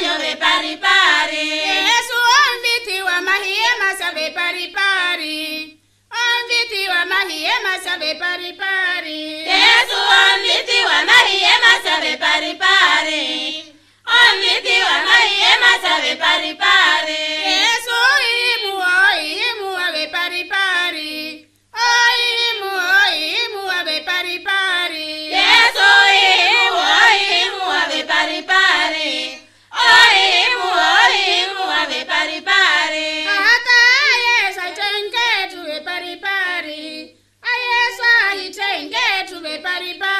i pari pari. Yesu omviti wa mahie masabe pari pari. Omviti wa mahie masabe pari pari. party, tumepariba